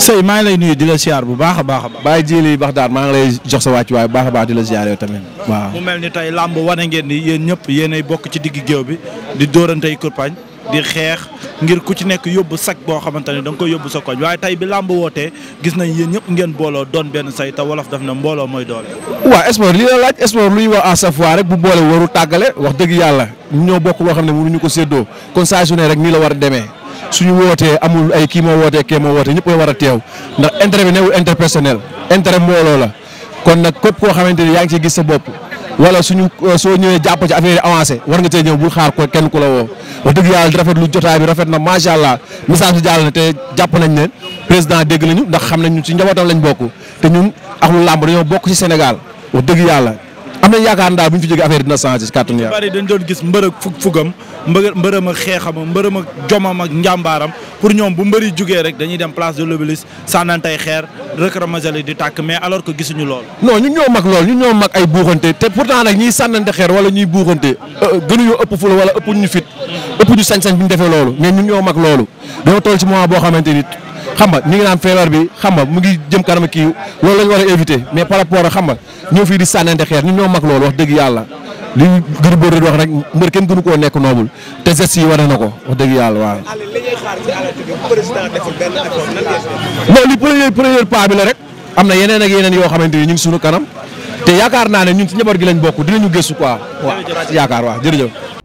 sëy maa ngi lay nuyu di siyaar bu baax a baax a baax. a la siyaar yow tamit waaw. mu mel ni tey làmb wane ngeen ni yéen ñëpp yéenay bokk ci digg géew bi di dóorantey kurpañ di xeex ngir ku ci nekk yóbbu sac boo xamante ne da nga koy yóbbu sa koñ waaye tey bi làmb wootee gis nañ yéen ñëpp ngeen booloo doon benn say te wolof daf na mbooloo mooy doole. waaw sport lii la laaj sport luy wax à chaque rek bu boole waru tàggale wax dëgg yàlla ñoo bokk boo xam ne mënuñu ko séddoo kon saa su la war a demee su ñu wootee amul ay kii moo wootee kee moo wootee ñëpp war a teew ndax intérêt bi newul interpersonnel intérêt mbooloo la kon nag képp koo xamante ni yaa ngi ci gis sa bopp wala suñu euh, soo ñëwee jàpp ci affaire yi avancé war nga cee ñëw bu xaar ko kenn ku la woo wax dëgg yàlla di rafet lu jotaay bi rafet na macha allah missage bi na te jàpp nañ ne président dégg nañu ndax xam nañ ñu ci njabootam lañ bokk te ñun axlu làmb dañoo bokk ci Sénégal wax dëgg yàlla am nañ yaakaar daal bu ñu fi jógee affaire dina changé si kàttanu yàlla bari dañ doon gis mbër fug fugam mbërëm ak xeexam mbërëm ak jomam ak njàmbaaram pour ñoom bu mbëri jógee rek dañuy dem place de l'Obélisque sànnantey xeer rëkramajali di tàkk mais alors que gisuñu lool non ñun ñoo mag lool ñun ñoo mag ay buuxante te pourtant nag ñiy sànnante xeer wala ñuy buuxante euh, gënuñoo ëpp fula wala ëpp ñu fit ëpp ñu sañ-sañ bu ñu defee loolu mais ñun ñoo mag loolu dañoo toll ni xam nga ñu ngi naan feebar bi xam nga mu ngi jëm kanam kii loolu la war a éviter mais par rapport ak xam nga ñëw fii di sànnante xeer ñun ñoo mag loolu wax dëgg yàlla li gën boo wax rek mbër kenn gënu nekk noobul te gestes yi wane na ko wax dëgg yàlla waaw. non li premier bi la rek am na yeneen ak yeneen yoo xamante ni ñu ngi suñu kanam te yaakaar naa ne ñun si njaboot gi lañ bokk dinañu gëstu quoi. waaw yaakaar waaw jërëjëf.